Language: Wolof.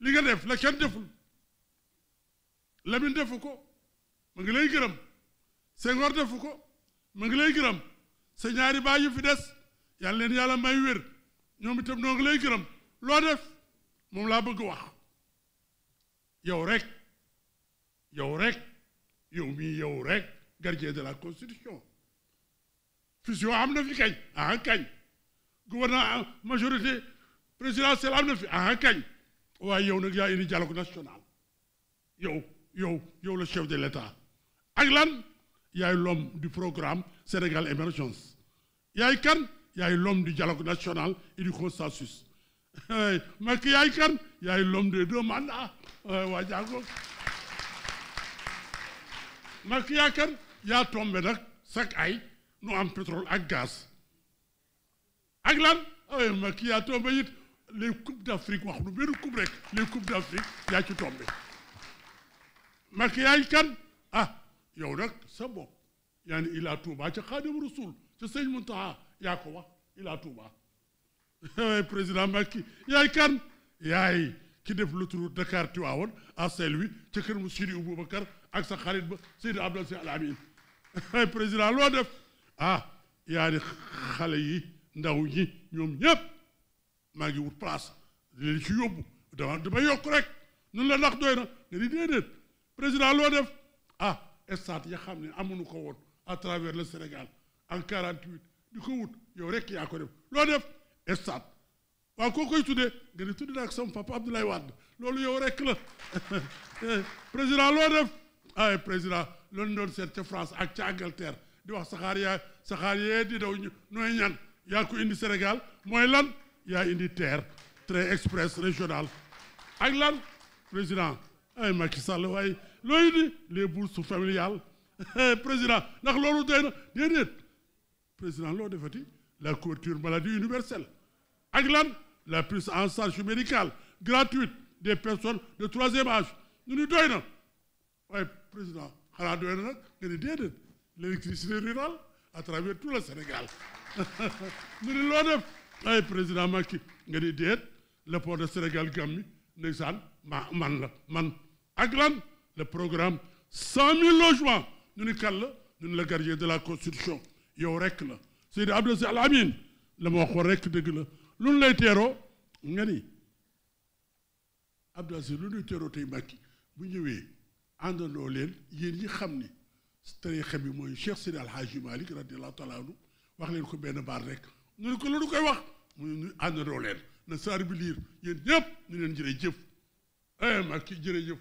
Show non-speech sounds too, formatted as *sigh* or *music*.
li nga def la kenn deful Lamine defu ko mu ngi lay gërëm Senghor defu ko mu ngi lay gërëm sa ñaari baay yu fi des yàlla leen yàlla may wér ñoom itam noo ngi lay gërëm loo def moom laa bëgg wax yow rek yow rek yow mii yow rek gardien de la constitution fusion am na fi kañ ah kañ gouvernant majorité présidentielle am na fi ah kañ waaye yow nag yaa indi dialogue national yow yow yow le chef de l'État ak lan yaay l'homme du programme Sénégal émergence yaay kan yaay l'homme du dialogue national et du consensus Macky yaay kan yaay l'homme des deux mandats waa jàngo Macky yaa kan yaa tombé nag chaque ay nu am pétrole ak gaz ak lan Macky yaa tombé it les coupes d'Afrique wax lu benn coupe rek les coupes d'Afrique yaa ci tombé maquillage kan ah yow nag sa bopp yaa ni Ila Touba ca Xaadimu Rasuul ca sëñ Muntaxa yaa ko Ila Touba *laughs* président Macky yaay kan yaay ki def l'autoroute Dakar Tivaouane à Saint-Louis ca kër mu Sidi Boubacar ak sa xarit ba Seydi *laughs* président loo def ah, yaa ni xale yi ndaw ñi ñoom maa ngi wut place dina li ci dama yokk rek nun la ndax doy na nga président loo def ah état ya xam ne amuñu ko woon à travers le Sénégal en 48 di ko wut yow rek yaa ko def loo def état waaw koo koy tuddee nga di tuddee ak sama papa Abdoulaye Wade loolu yow rek la *laughs* président loo def ah président loolu doon seet ca France ak ci Angleterre di wax saxaar yaa saxaar yee di daw nooy ñan yaa ko indi Sénégal mooy lan yaa indi TER train express régional ak lan président ay Macky Sall waaye loo indi les bourses familiales *laughs* président ndax loolu doy na déedéet président loo defati la couverture maladie universelle ak lan la prise en charge médicale gratuite des personnes de troisième âge ñu ni doy na waaye président xanaa doy na nag nga l'électricité rurale à travers tout le Sénégal *laughs* ñu ni loo ay président Macky nga di déet le port de Sénégal Gambie ndeysaan ma man la man ak lan le programme cent mille logements ni kan la ñu ni la gardien de la constitution yow rek la Seydi Abdou Sy Al Amine la ma wax ko rek dëgg la lu ñu lay teeroo nga ni Abdou Sy lu ñuy teeroo tey Macky bu ñëwee àndandoo leen yéen ñi xam ni te tarixa bi mooy Cheikh Seydi Al Hadji Malick radiallahu taala wax leen ko benn baat rek ñu ne ko loolu koy wax mu ne ñu àndandoo leen na saar bi liir yéen ñëpp ñu leen jërëjëf eh ma kii jërëjëf